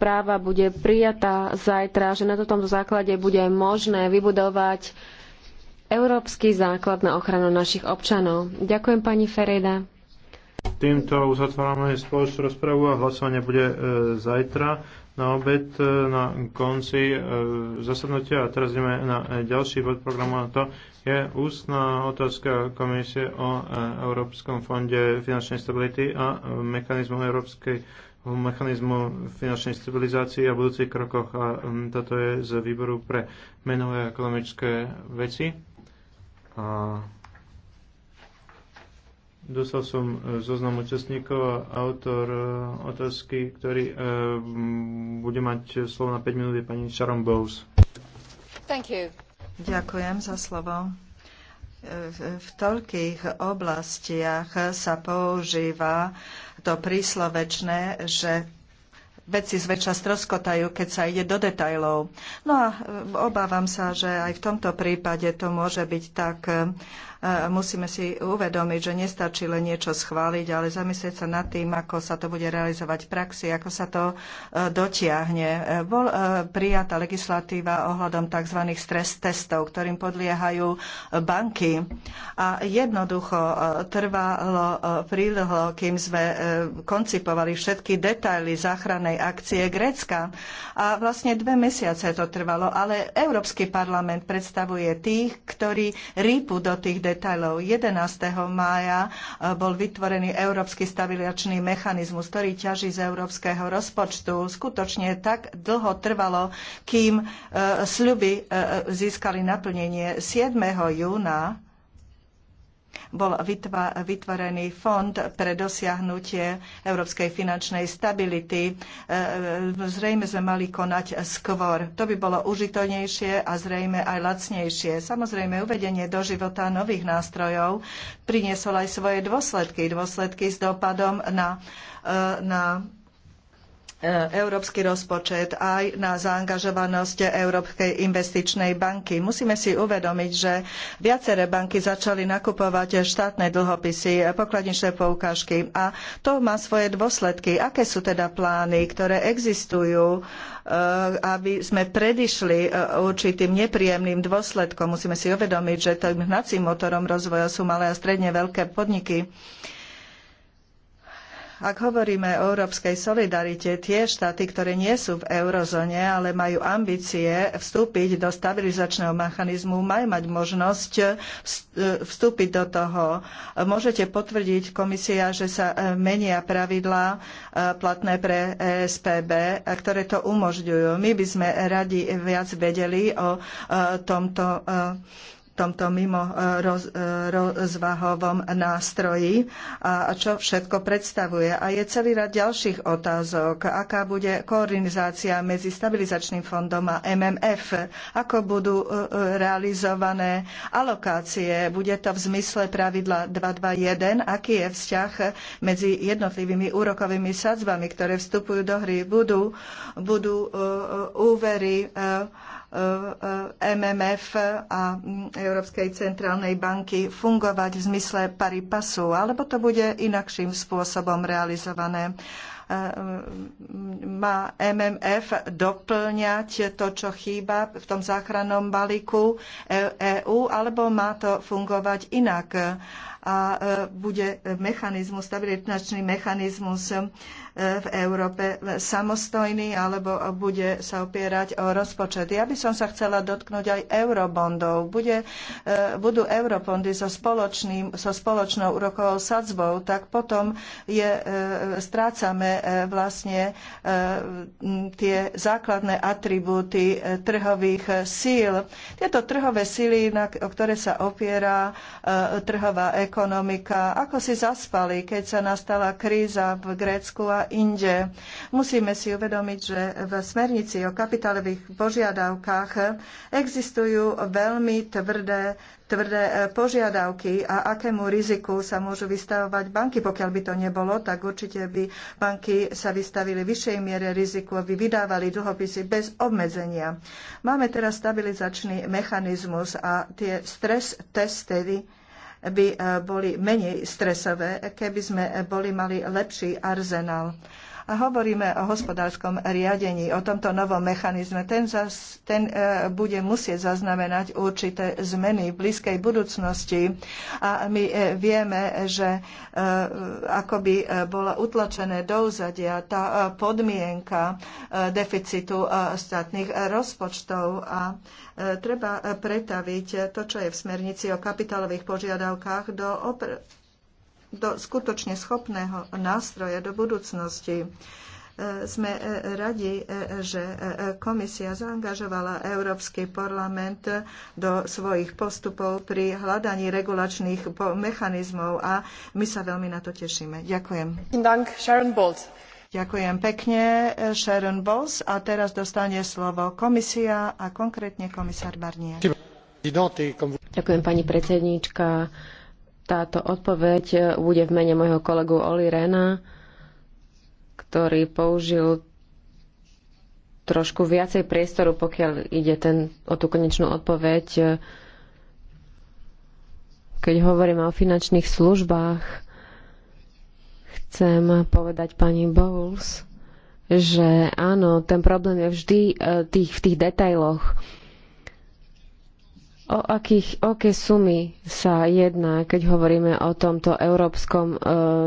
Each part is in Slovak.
správa bude prijatá zajtra, že na tomto základe bude možné vybudovať európsky základ na ochranu našich občanov. Ďakujem pani Fereda. Týmto uzatvárame spoločnú rozpravu a hlasovanie bude e, zajtra na obed e, na konci e, zasadnutia. A teraz ideme na e, ďalší bod programu a to je ústna otázka komisie o e, Európskom fonde finančnej stability a e, mechanizmu Európskej mechanizmu finančnej stabilizácie a budúcich krokoch. A um, toto je z výboru pre menové a ekonomické veci. A dostal som e, zoznam účastníkov a autor e, otázky, ktorý e, bude mať slovo na 5 minút, je pani Sharon Bowes. Thank you. Ďakujem za slovo v toľkých oblastiach sa používa to príslovečné, že veci zväčša stroskotajú, keď sa ide do detajlov. No a obávam sa, že aj v tomto prípade to môže byť tak musíme si uvedomiť, že nestačí len niečo schváliť, ale zamyslieť sa nad tým, ako sa to bude realizovať v praxi, ako sa to e, dotiahne. E, bol e, prijatá legislatíva ohľadom tzv. stres testov, ktorým podliehajú banky. A jednoducho trvalo príloho, kým sme koncipovali všetky detaily záchrannej akcie Grécka. A vlastne dve mesiace to trvalo, ale Európsky parlament predstavuje tých, ktorí rýpu do tých detailov detailov. 11. mája e, bol vytvorený Európsky stabilizačný mechanizmus, ktorý ťaží z európskeho rozpočtu. Skutočne tak dlho trvalo, kým e, sľuby e, získali naplnenie 7. júna bol vytvorený fond pre dosiahnutie európskej finančnej stability. E, e, zrejme sme mali konať skôr. To by bolo užitočnejšie a zrejme aj lacnejšie. Samozrejme, uvedenie do života nových nástrojov priniesol aj svoje dôsledky. Dôsledky s dopadom na, e, na E, európsky rozpočet, aj na zaangažovanosť Európskej investičnej banky. Musíme si uvedomiť, že viaceré banky začali nakupovať štátne dlhopisy, pokladničné poukážky a to má svoje dôsledky. Aké sú teda plány, ktoré existujú, e, aby sme predišli e, určitým nepríjemným dôsledkom? Musíme si uvedomiť, že tým hnacím motorom rozvoja sú malé a stredne veľké podniky. Ak hovoríme o európskej solidarite, tie štáty, ktoré nie sú v eurozóne, ale majú ambície vstúpiť do stabilizačného mechanizmu, majú mať možnosť e, vstúpiť do toho. Môžete potvrdiť, komisia, že sa e, menia pravidlá e, platné pre SPB, ktoré to umožňujú. My by sme radi viac vedeli o tomto tomto mimo e, roz, e, rozvahovom nástroji a čo všetko predstavuje. A je celý rad ďalších otázok. Aká bude koordinizácia medzi stabilizačným fondom a MMF? Ako budú e, realizované alokácie? Bude to v zmysle pravidla 221? Aký je vzťah medzi jednotlivými úrokovými sadzbami, ktoré vstupujú do hry? Budú, budú úvery uh, Eh, MMF a Európskej centrálnej banky fungovať v zmysle pari pasu, alebo to bude inakším spôsobom realizované eh, má MMF doplňať to, čo chýba v tom záchrannom balíku EÚ, e alebo má to fungovať inak a e, bude mechanizmus, stabilitačný mechanizmus e, v Európe samostojný alebo bude sa opierať o rozpočet. Ja by som sa chcela dotknúť aj eurobondov. Bude, e, budú eurobondy so, spoločným, so spoločnou úrokovou sadzbou, tak potom je, strácame vlastne tie základné atribúty trhových síl. Tieto trhové síly, o ktoré sa opiera trhová ekonomika, ekonomika, ako si zaspali, keď sa nastala kríza v Grécku a inde. Musíme si uvedomiť, že v smernici o kapitálových požiadavkách existujú veľmi tvrdé tvrdé e, požiadavky a akému riziku sa môžu vystavovať banky. Pokiaľ by to nebolo, tak určite by banky sa vystavili vyššej miere riziku, aby vydávali dlhopisy bez obmedzenia. Máme teraz stabilizačný mechanizmus a tie stres testy by eh, boli menej stresové, keby sme eh, boli mali lepší arzenál a hovoríme o hospodárskom riadení, o tomto novom mechanizme. Ten, zas, ten e, bude musieť zaznamenať určité zmeny v blízkej budúcnosti a my e, vieme, že e, akoby bola utlačené do uzadia tá podmienka deficitu štátnych rozpočtov a treba pretaviť to, čo je v smernici o kapitálových požiadavkách do opr- do skutočne schopného nástroja do budúcnosti e, sme e, radi, e, že komisia zaangažovala Európsky parlament do svojich postupov pri hľadaní regulačných mechanizmov a my sa veľmi na to tešíme. Ďakujem. Ďakujem pekne, Sharon Bowles. A teraz dostane slovo komisia a konkrétne komisár Barnier. Ďakujem, pani predsedníčka. Táto odpoveď e, bude v mene môjho kolegu Oli Rena, ktorý použil trošku viacej priestoru, pokiaľ ide ten, o tú konečnú odpoveď. E, keď hovorím o finančných službách, chcem povedať pani Bowles, že áno, ten problém je vždy e, tých, v tých detailoch O, akých, o aké sumy sa jedná, keď hovoríme o tomto európskom e,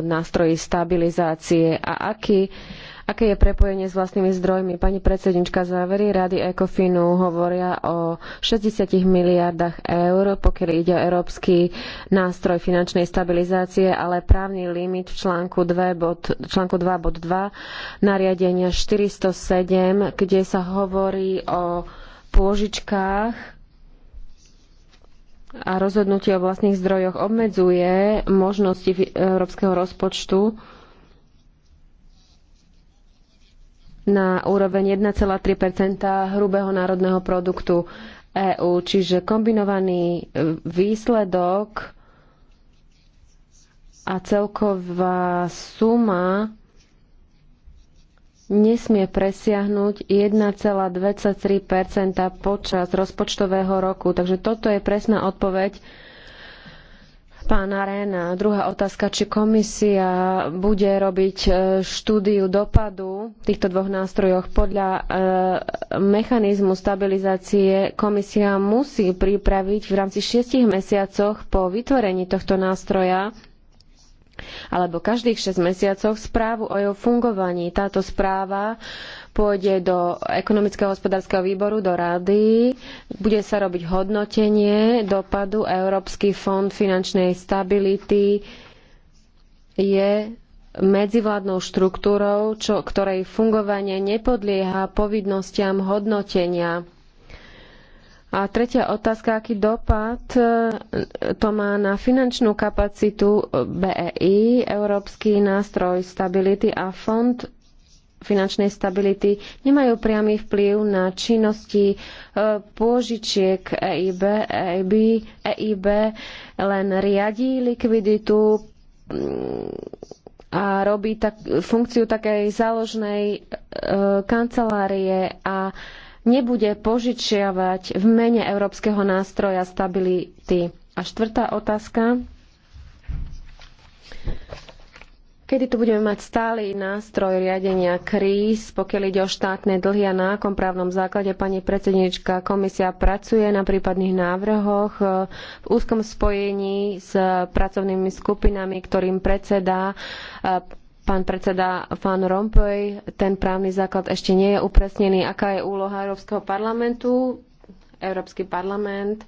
nástroji stabilizácie a aký, aké je prepojenie s vlastnými zdrojmi? Pani predsednička závery Rady Ekofinu hovoria o 60 miliardách eur, pokiaľ ide o európsky nástroj finančnej stabilizácie, ale právny limit v článku 2 bod, článku 2, bod 2 nariadenia 407, kde sa hovorí o pôžičkách a rozhodnutie o vlastných zdrojoch obmedzuje možnosti európskeho rozpočtu na úroveň 1,3 hrubého národného produktu EÚ, čiže kombinovaný e, výsledok a celková suma nesmie presiahnuť 1,23 počas rozpočtového roku. Takže toto je presná odpoveď pána Réna. Druhá otázka, či komisia bude robiť e, štúdiu dopadu týchto dvoch nástrojoch podľa e, mechanizmu stabilizácie komisia musí pripraviť v rámci šiestich mesiacoch po vytvorení tohto nástroja alebo každých 6 mesiacov správu o jeho fungovaní. Táto správa pôjde do ekonomického hospodárskeho výboru, do rady, bude sa robiť hodnotenie dopadu Európsky fond finančnej stability je medzivládnou štruktúrou, čo, ktorej fungovanie nepodlieha povinnostiam hodnotenia a tretia otázka, aký dopad e, to má na finančnú kapacitu BEI, Európsky nástroj stability a fond finančnej stability nemajú priamy vplyv na činnosti e, pôžičiek EIB. EIB, EIB len riadí likviditu mm, a robí tak, funkciu takej záložnej e, kancelárie a nebude požičiavať v mene Európskeho nástroja stability. A štvrtá otázka. Kedy tu budeme mať stály nástroj riadenia kríz, pokiaľ ide o štátne dlhy a na akom právnom základe pani predsednička komisia pracuje na prípadných návrhoch e, v úzkom spojení s pracovnými skupinami, ktorým predsedá e, pán predseda pán Rompuy, ten právny základ ešte nie je upresnený. Aká je úloha Európskeho parlamentu? Európsky parlament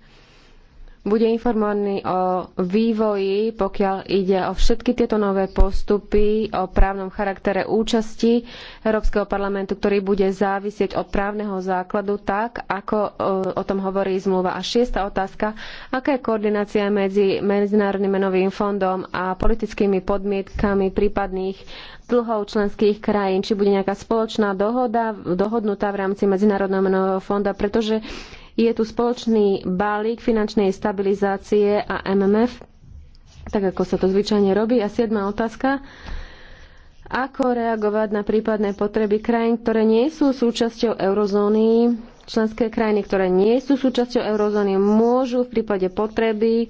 bude informovaný o vývoji, pokiaľ ide o všetky tieto nové postupy, o právnom charaktere účasti Európskeho parlamentu, ktorý bude závisieť od právneho základu, tak ako e, o tom hovorí zmluva. A šiesta otázka, aká je koordinácia medzi Medzinárodným menovým fondom a politickými podmietkami prípadných dlhov členských krajín, či bude nejaká spoločná dohoda dohodnutá v rámci Medzinárodného menového fonda, pretože je tu spoločný balík finančnej stabilizácie a MMF, tak ako sa to zvyčajne robí. A siedma otázka. Ako reagovať na prípadné potreby krajín, ktoré nie sú súčasťou eurozóny? Členské krajiny, ktoré nie sú súčasťou eurozóny, môžu v prípade potreby e,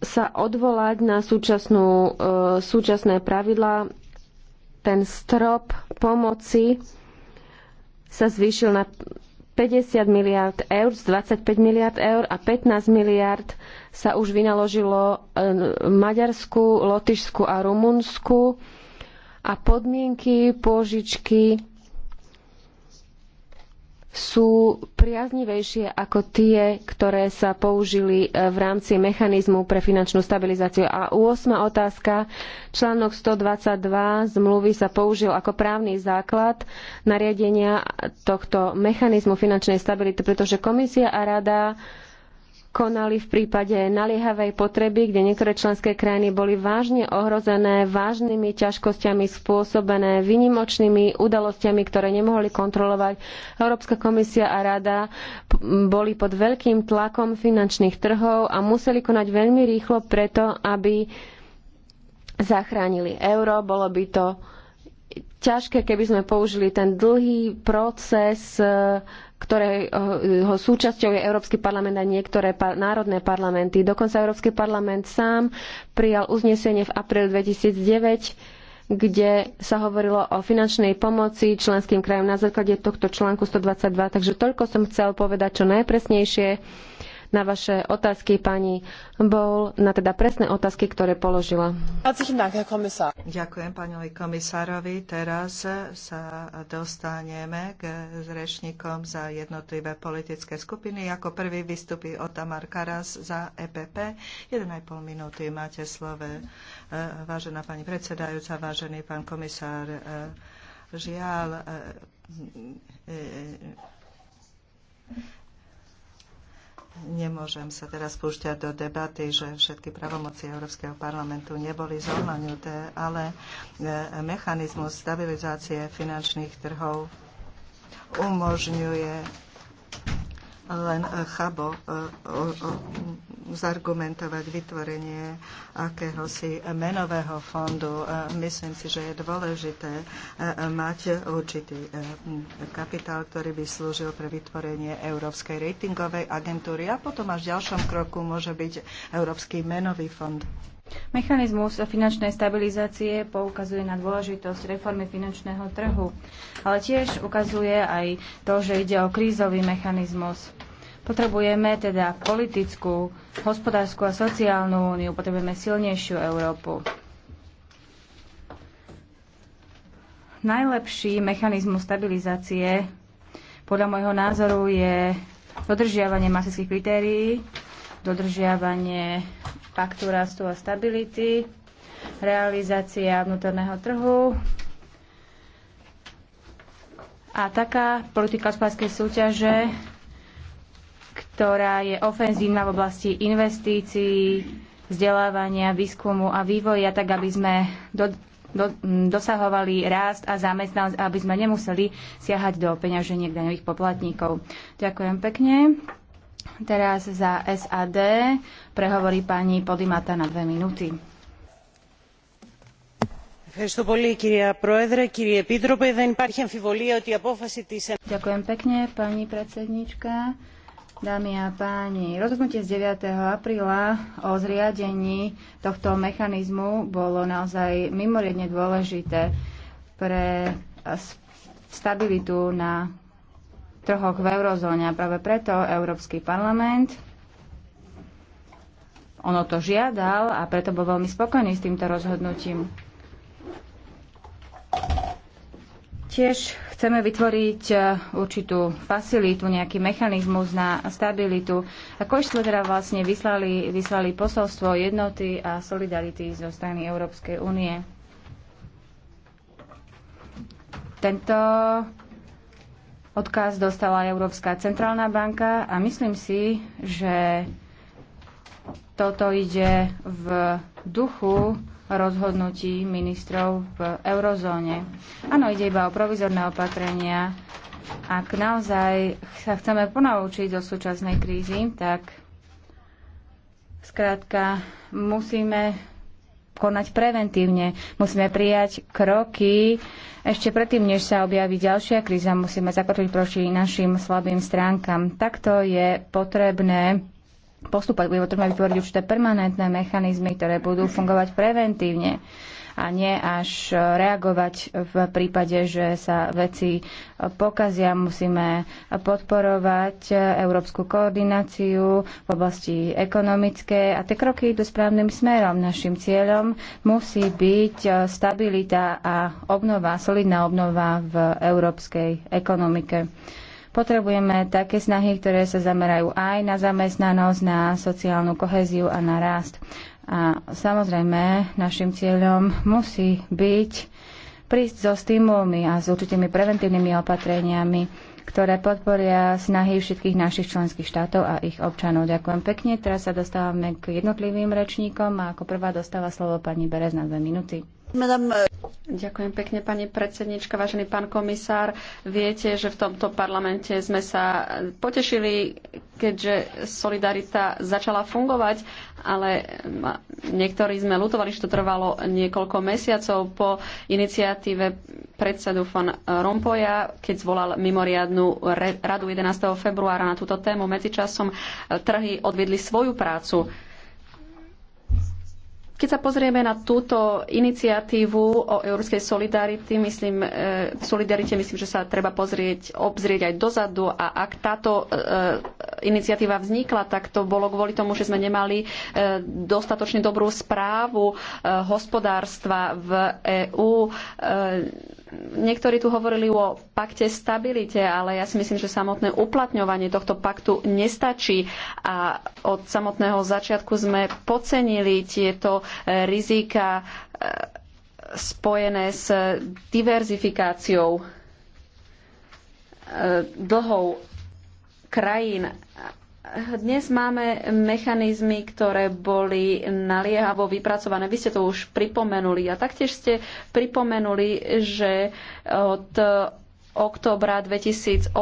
sa odvolať na súčasnú, e, súčasné pravidla, Ten strop pomoci sa zvýšil na 50 miliard eur z 25 miliard eur a 15 miliard sa už vynaložilo e, Maďarsku, Lotyšsku a Rumunsku a podmienky pôžičky sú priaznivejšie ako tie, ktoré sa použili e, v rámci mechanizmu pre finančnú stabilizáciu. A 8. otázka. Článok 122 zmluvy sa použil ako právny základ nariadenia tohto mechanizmu finančnej stability, pretože komisia a rada konali v prípade naliehavej potreby, kde niektoré členské krajiny boli vážne ohrozené vážnymi ťažkosťami spôsobené vynimočnými udalosťami, ktoré nemohli kontrolovať. Európska komisia a rada boli pod veľkým tlakom finančných trhov a museli konať veľmi rýchlo preto, aby zachránili euro. Bolo by to ťažké, keby sme použili ten dlhý proces ktorého eh, súčasťou je Európsky parlament a niektoré par- národné parlamenty. Dokonca Európsky parlament sám prijal uznesenie v apríli 2009, kde sa hovorilo o finančnej pomoci členským krajom na základe tohto článku 122. Takže toľko som chcel povedať čo najpresnejšie na vaše otázky pani Bol, na teda presné otázky, ktoré položila. Ďakujem pánovi komisárovi. Teraz sa dostaneme k rečníkom za jednotlivé politické skupiny. Ako prvý vystupí Otamar Karas za EPP. 1,5 minúty máte slove. E, vážená pani predsedajúca, vážený pán komisár, e, žiaľ, e, Nemôžem sa teraz púšťať do debaty, že všetky pravomoci Európskeho parlamentu neboli zohľadnuté, ale e, mechanizmus stabilizácie finančných trhov umožňuje len e, chabo e, zargumentovať vytvorenie akéhosi menového fondu. E, myslím si, že je dôležité mať určitý kapitál, ktorý by slúžil pre vytvorenie Európskej ratingovej agentúry a potom až v ďalšom kroku môže byť Európsky menový fond. Mechanizmus finančnej stabilizácie poukazuje na dôležitosť reformy finančného trhu, ale tiež ukazuje aj to, že ide o krízový mechanizmus. Potrebujeme teda politickú, hospodárskú a sociálnu úniu, potrebujeme silnejšiu Európu. Najlepší mechanizmus stabilizácie podľa môjho názoru je dodržiavanie masických kritérií, dodržiavanie paktu rastu a stability, realizácia vnútorného trhu a taká politika hospodárskej súťaže, ktorá je ofenzívna v oblasti investícií, vzdelávania, výskumu a vývoja, tak aby sme do, do, dosahovali rást a zamestnanosť, aby sme nemuseli siahať do peňaženiek daňových poplatníkov. Ďakujem pekne. Teraz za SAD prehovorí pani Podimata na dve minúty. Ďakujem pekne, pani predsednička. Dámy a páni, rozhodnutie z 9. apríla o zriadení tohto mechanizmu bolo naozaj mimoriadne dôležité pre stabilitu na trhoch v eurozóne. A práve preto Európsky parlament ono to žiadal a preto bol veľmi spokojný s týmto rozhodnutím. Tiež chceme vytvoriť e, určitú facilitu, nejaký mechanizmus na stabilitu. A sme teda vlastne vyslali, vyslali posolstvo jednoty a solidarity zo strany Európskej únie. Tento Odkaz dostala Európska centrálna banka a myslím si, že toto ide v duchu rozhodnutí ministrov v eurozóne. Áno, ide iba o provizorné opatrenia. Ak naozaj sa chceme ponaučiť zo súčasnej krízy, tak Skrátka, musíme konať preventívne. Musíme prijať kroky ešte predtým, než sa objaví ďalšia kríza. Musíme zakotviť proti našim slabým stránkam. Takto je potrebné postupovať. Bude potrebné vytvoriť určité permanentné mechanizmy, ktoré budú fungovať preventívne a nie až reagovať v prípade, že sa veci pokazia. Musíme podporovať európsku koordináciu v oblasti ekonomické. a tie kroky idú správnym smerom. Našim cieľom musí byť stabilita a obnova, solidná obnova v európskej ekonomike. Potrebujeme také snahy, ktoré sa zamerajú aj na zamestnanosť, na sociálnu koheziu a na rast. A samozrejme, našim cieľom musí byť prísť so stimulmi a s určitými preventívnymi opatreniami, ktoré podporia snahy všetkých našich členských štátov a ich občanov. Ďakujem pekne. Teraz sa dostávame k jednotlivým rečníkom a ako prvá dostáva slovo pani Berez na dve minúty. E, Ďakujem pekne, pani predsednička, vážený pán komisár. Viete, že v tomto parlamente sme sa potešili, keďže solidarita začala fungovať, ale e, niektorí sme lutovali, že to trvalo niekoľko mesiacov po iniciatíve predsedu von Rompoja, keď zvolal mimoriadnu radu 11. februára na túto tému. Medzičasom e, trhy odviedli svoju prácu keď sa pozrieme na túto iniciatívu o európskej solidarity, myslím, e, solidarite, myslím, že sa treba pozrieť, obzrieť aj dozadu a ak táto e, e, iniciatíva vznikla, tak to bolo kvôli tomu, že sme nemali dostatočne dobrú správu hospodárstva v EÚ Niektorí tu hovorili o pakte stabilite, ale ja si myslím, že samotné uplatňovanie tohto paktu nestačí a od samotného začiatku sme pocenili tieto e, rizika e, spojené s diverzifikáciou e, dlhov krajín dnes máme mechanizmy, ktoré boli naliehavo vypracované. Vy ste to už pripomenuli a taktiež ste pripomenuli, že od oktobra 2008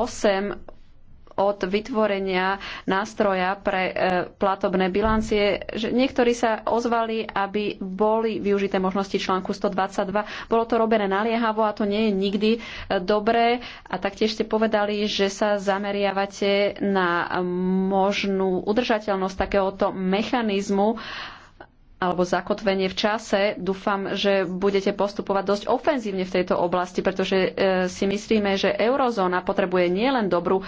od vytvorenia nástroja pre e, platobné bilancie, že niektorí sa ozvali, aby boli využité možnosti článku 122. Bolo to robené naliehavo a to nie je nikdy e, dobré. A taktiež ste povedali, že sa zameriavate na možnú udržateľnosť takéhoto mechanizmu alebo zakotvenie v čase. Dúfam, že budete postupovať dosť ofenzívne v tejto oblasti, pretože e, si myslíme, že eurozóna potrebuje nielen dobrú e,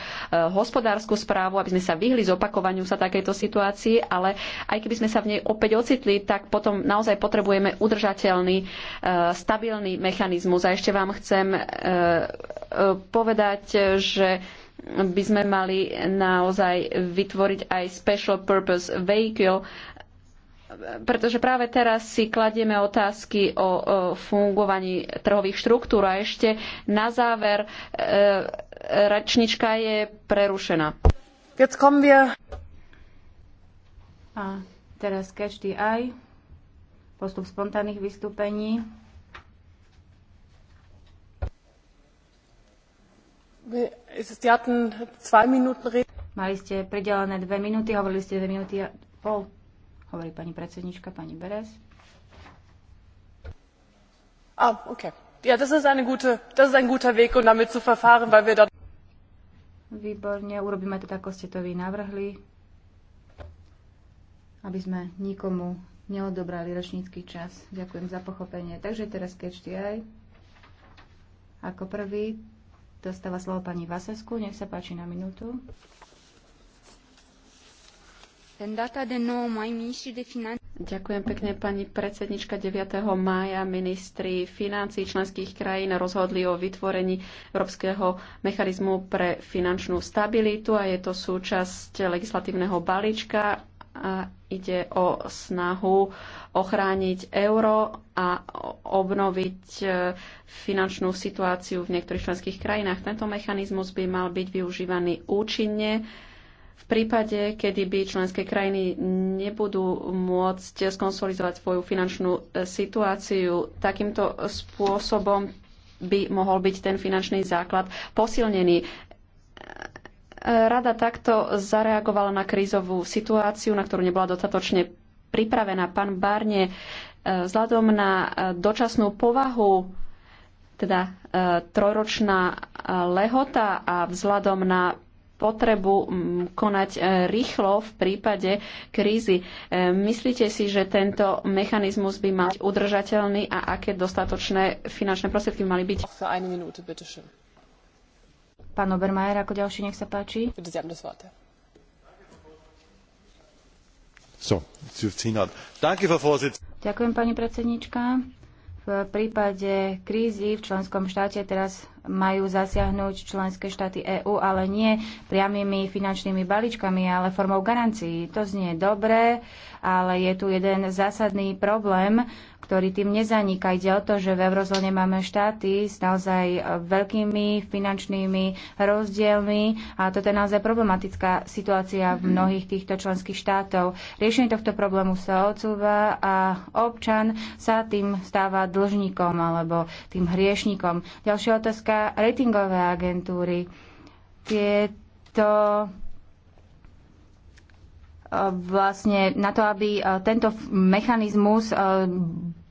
hospodárskú správu, aby sme sa vyhli zopakovaniu sa takejto situácii, ale aj keby sme sa v nej opäť ocitli, tak potom naozaj potrebujeme udržateľný, e, stabilný mechanizmus. A ešte vám chcem povedať, že by sme mali naozaj vytvoriť aj special purpose vehicle pretože práve teraz si kladieme otázky o, fungovaní trhových štruktúr a ešte na záver e, račnička je prerušená. Jetzt kommen wir. A teraz catch the eye. Postup spontánnych vystúpení. Mali ste pridelené dve minúty, hovorili ste dve minúty a pol hovorí pani predsednička, pani Beres. Ah, okay. Ja, das ist, eine gute, das ist ein guter Weg, um damit zu verfahren, weil wir da... Výborne, urobíme to tak, ako ste to vy navrhli, aby sme nikomu neodobrali ročnícky čas. Ďakujem za pochopenie. Takže teraz kečti aj. Ako prvý dostáva slovo pani Vasesku. Nech sa páči na minútu. Ďakujem pekne, pani predsednička. 9. mája ministri financí členských krajín rozhodli o vytvorení Európskeho mechanizmu pre finančnú stabilitu a je to súčasť legislatívneho balíčka a ide o snahu ochrániť euro a obnoviť e, finančnú situáciu v niektorých členských krajinách. Tento mechanizmus by mal byť využívaný účinne v prípade, kedy by členské krajiny nebudú môcť skonsolidovať svoju finančnú e, situáciu, takýmto spôsobom by mohol byť ten finančný základ posilnený. E, e, rada takto zareagovala na krízovú situáciu, na ktorú nebola dostatočne pripravená. Pán Barne, vzhľadom na dočasnú povahu, teda trojročná lehota a vzhľadom na potrebu mm, konať e, rýchlo v prípade krízy. E, myslíte si, že tento mechanizmus by mal byť udržateľný a aké dostatočné finančné prostriedky mali byť? Pán Obermajer, ako ďalší, nech sa páči. Ďakujem, pani predsednička. V prípade krízy v členskom štáte teraz majú zasiahnuť členské štáty EÚ, ale nie priamými finančnými balíčkami, ale formou garancií. To znie dobre, ale je tu jeden zásadný problém, ktorý tým nezaniká. Ide o to, že v eurozóne máme štáty s naozaj veľkými finančnými rozdielmi a toto je naozaj problematická situácia v mhm. mnohých týchto členských štátov. Riešenie tohto problému sa odsúva a občan sa tým stáva dlžníkom alebo tým hriešnikom. Ďalšia otázka ratingové agentúry. Tieto e, vlastne na to, aby e, tento mechanizmus e,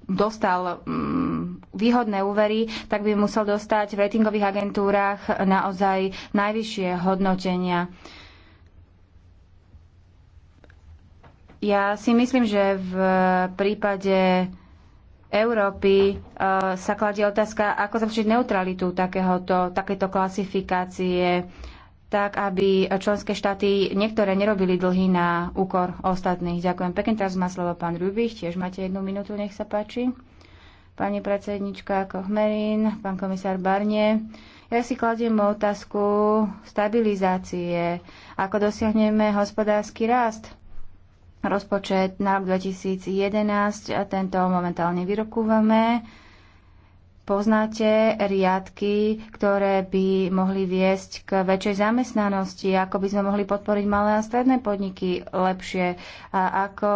dostal mm, výhodné úvery, tak by musel dostať v ratingových agentúrach naozaj najvyššie hodnotenia. Ja si myslím, že v prípade Európy e, sa kladie otázka, ako zlepšiť neutralitu takéhoto, takéto klasifikácie, tak aby členské štáty niektoré nerobili dlhy na úkor ostatných. Ďakujem pekne. Teraz má slovo pán Rubich. Tiež máte jednu minútu, nech sa páči. Pani predsednička Kochmerin, pán komisár Barnie. Ja si kladiem otázku stabilizácie. Ako dosiahneme hospodársky rast? rozpočet na rok 2011. Tento momentálne vyrokúvame. Poznáte riadky, ktoré by mohli viesť k väčšej zamestnanosti, ako by sme mohli podporiť malé a stredné podniky lepšie a ako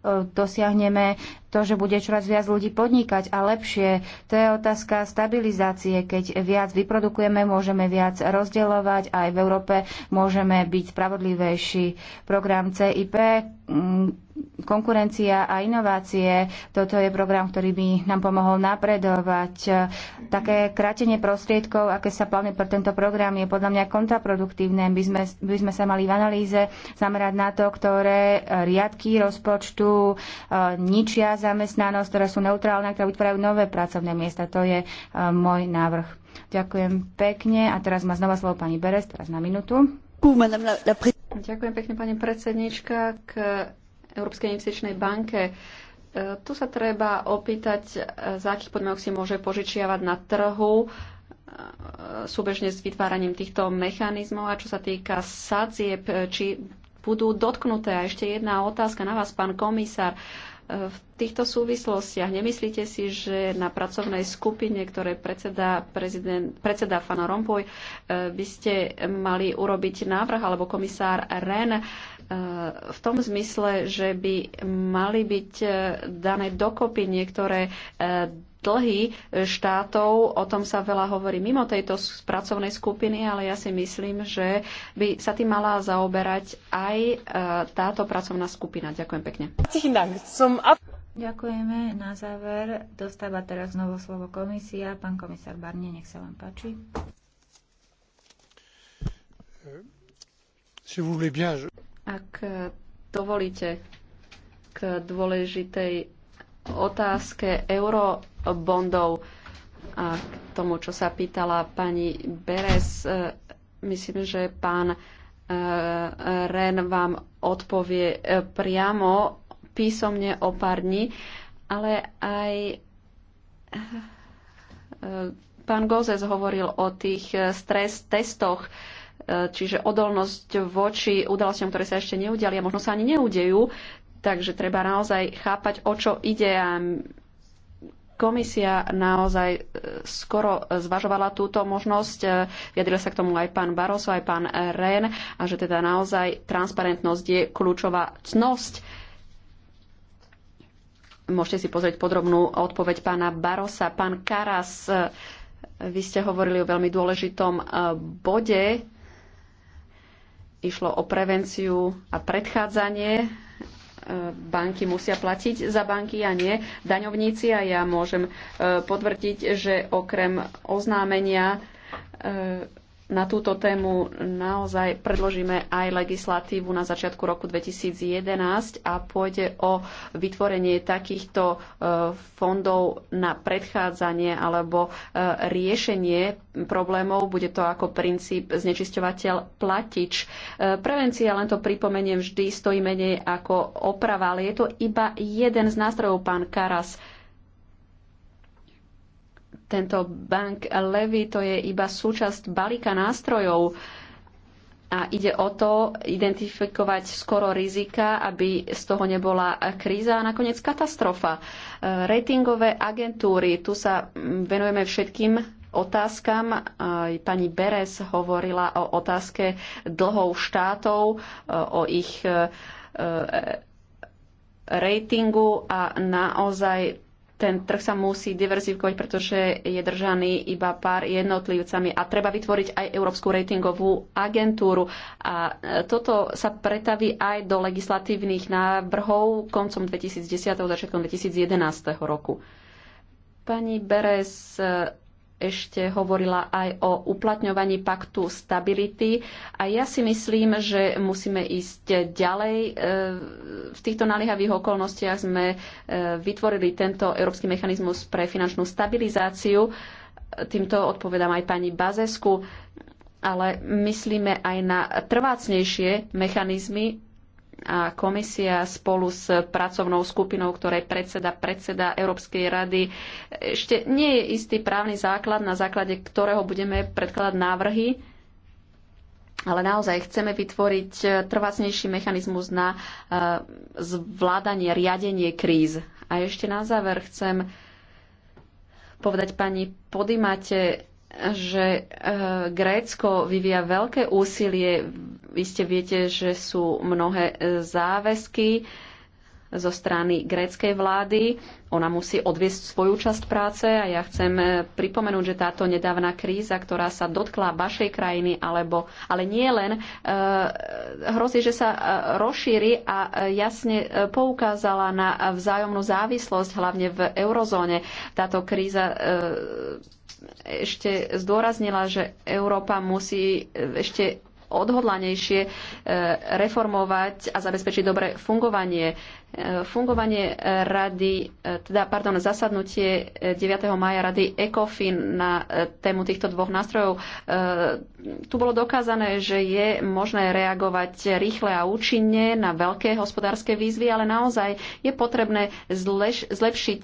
E, dosiahneme to, že bude čoraz viac ľudí podnikať a lepšie. To je otázka stabilizácie. Keď viac vyprodukujeme, môžeme viac rozdeľovať a aj v Európe môžeme byť spravodlivejší. Program CIP konkurencia a inovácie. Toto je program, ktorý by nám pomohol napredovať. Také krátenie prostriedkov, aké sa plánuje pre tento program, je podľa mňa kontraproduktívne. By sme, by sme sa mali v analýze zamerať na to, ktoré riadky rozpočtu eh, ničia zamestnanosť, ktoré sú neutrálne, ktoré vytvárajú nové pracovné miesta. To je eh, môj návrh. Ďakujem pekne. A teraz má znova slovo pani Berez. teraz na minútu. Ďakujem pekne, pani predsednička. K Európskej investičnej banke. E, tu sa treba opýtať, e, za akých podmienok si môže požičiavať na trhu e, súbežne s vytváraním týchto mechanizmov a čo sa týka sadzieb, či budú dotknuté. A ešte jedna otázka na vás, pán komisár v týchto súvislostiach nemyslíte si, že na pracovnej skupine, ktoré predseda, prezident, predseda Fana Rompuy, e, by ste mali urobiť návrh, alebo komisár Ren, e, v tom zmysle, že by mali byť e, dané dokopy niektoré dlhy e, štátov, o tom sa veľa hovorí mimo tejto pracovnej skupiny, ale ja si myslím, že by sa tým mala zaoberať aj e, táto pracovná skupina. Ďakujem pekne. Ďakujeme. Na záver dostáva teraz znovu slovo komisia. Pán komisár Barnie, nech sa vám páči. Ak e, dovolíte k dôležitej otázke eurobondov a k tomu, čo sa pýtala pani Beres, e, myslím, že pán e, Ren vám odpovie e, priamo písomne o pár dní, ale aj pán Gozes hovoril o tých stres testoch, čiže odolnosť voči udalostiam, ktoré sa ešte neudiali a možno sa ani neudejú. Takže treba naozaj chápať, o čo ide a komisia naozaj e, skoro e, zvažovala túto možnosť. E, vyjadril sa k tomu aj pán Barroso, aj pán Rehn a že teda naozaj transparentnosť je kľúčová cnosť. Môžete si pozrieť podrobnú odpoveď pána Barosa. Pán Karas, vy ste hovorili o veľmi dôležitom bode. Išlo o prevenciu a predchádzanie E, banky musia platiť za banky a nie daňovníci a ja môžem e, potvrdiť, že okrem oznámenia e, na túto tému naozaj predložíme aj legislatívu na začiatku roku 2011 a pôjde o vytvorenie takýchto e, fondov na predchádzanie alebo e, riešenie problémov. Bude to ako princíp znečisťovateľ platič. E, prevencia, len to pripomeniem, vždy stojí menej ako oprava, ale je to iba jeden z nástrojov, pán Karas tento bank levy to je iba súčasť balíka nástrojov a ide o to identifikovať skoro rizika, aby z toho nebola kríza a nakoniec katastrofa. Ratingové agentúry, tu sa venujeme všetkým otázkam. Pani Beres hovorila o otázke dlhov štátov, o ich e, e, ratingu a naozaj ten trh sa musí diverzifikovať, pretože je držaný iba pár jednotlivcami a treba vytvoriť aj Európsku ratingovú agentúru. A e, toto sa pretaví aj do legislatívnych návrhov koncom 2010. a začiatkom 2011. roku. Pani Beres, e, ešte hovorila aj o uplatňovaní paktu stability. A ja si myslím, že musíme ísť ďalej. E, v týchto naliehavých okolnostiach sme e, vytvorili tento Európsky mechanizmus pre finančnú stabilizáciu. Týmto odpovedám aj pani Bazesku ale myslíme aj na trvácnejšie mechanizmy a komisia spolu s pracovnou skupinou, ktorej predseda predseda Európskej rady, ešte nie je istý právny základ, na základe ktorého budeme predkladať návrhy, ale naozaj chceme vytvoriť e, trvácnejší mechanizmus na e, zvládanie, riadenie kríz. A ešte na záver chcem povedať pani Podimate, že e, Grécko vyvíja veľké úsilie. Vy ste viete, že sú mnohé e, záväzky zo strany gréckej vlády. Ona musí odviesť svoju časť práce a ja chcem e, pripomenúť, že táto nedávna kríza, ktorá sa dotkla vašej krajiny, alebo, ale nie len, hrozí, že sa rozšíri a jasne poukázala na vzájomnú závislosť, hlavne v eurozóne. Táto kríza ešte zdôraznila, že Európa musí e, ešte odhodlanejšie e, reformovať a zabezpečiť dobré fungovanie E, fungovanie e, rady, e, teda, pardon, zasadnutie 9. maja rady ECOFIN na tému týchto dvoch nástrojov. Tu bolo dokázané, že je možné reagovať rýchle a účinne na veľké hospodárske výzvy, ale naozaj je potrebné zlepšiť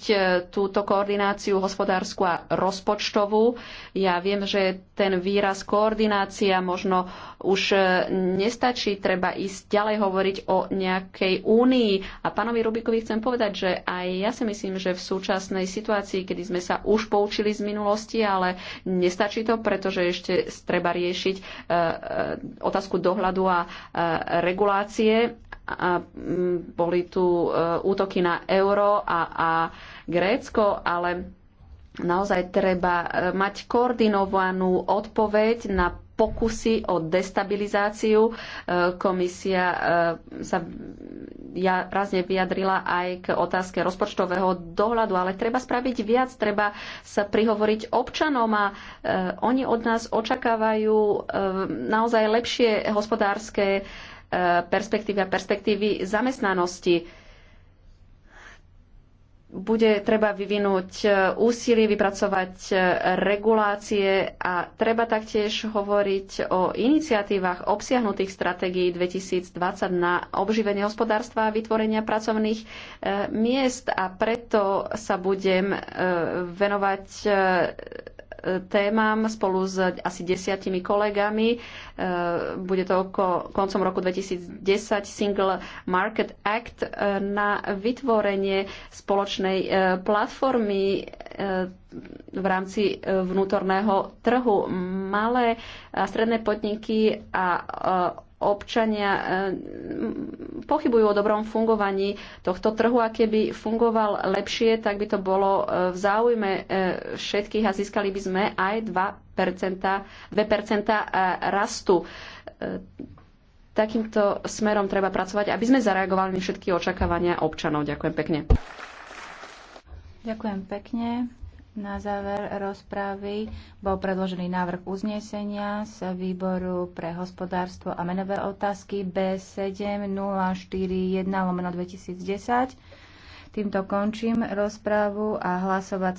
túto koordináciu hospodárskú a rozpočtovú. Ja viem, že ten výraz koordinácia možno už nestačí, treba ísť ďalej hovoriť o nejakej únii a pánovi Rubikovi chcem povedať, že aj ja si myslím, že v súčasnej situácii, kedy sme sa už poučili z minulosti, ale nestačí to, pretože ešte treba riešiť e, e, otázku dohľadu a e, regulácie. A boli tu útoky na euro a, a Grécko, ale naozaj treba mať koordinovanú odpoveď na pokusy o destabilizáciu. E, komisia e, sa ja razne vyjadrila aj k otázke rozpočtového dohľadu, ale treba spraviť viac, treba sa prihovoriť občanom a e, oni od nás očakávajú naozaj lepšie hospodárske perspektívy a perspektívy zamestnanosti bude treba vyvinúť e, úsilie, vypracovať e, regulácie a treba taktiež hovoriť o iniciatívach obsiahnutých stratégií 2020 na obživenie hospodárstva a vytvorenia pracovných e, miest a preto sa budem venovať témam spolu s asi desiatimi kolegami. E, bude to oko, koncom roku 2010 Single Market Act e, na vytvorenie spoločnej e, platformy v rámci vnútorného trhu. Malé a stredné podniky a občania e, pochybujú o dobrom fungovaní tohto trhu a keby fungoval lepšie, tak by to bolo e, v záujme e, všetkých a získali by sme aj 2%, 2 rastu. Takýmto smerom treba pracovať, aby sme zareagovali na všetky očakávania občanov. Ďakujem pekne. Ďakujem pekne. Na záver rozprávy bol predložený návrh uznesenia z výboru pre hospodárstvo a menové otázky B7041 lomeno 2010. Týmto končím rozprávu a hlasovať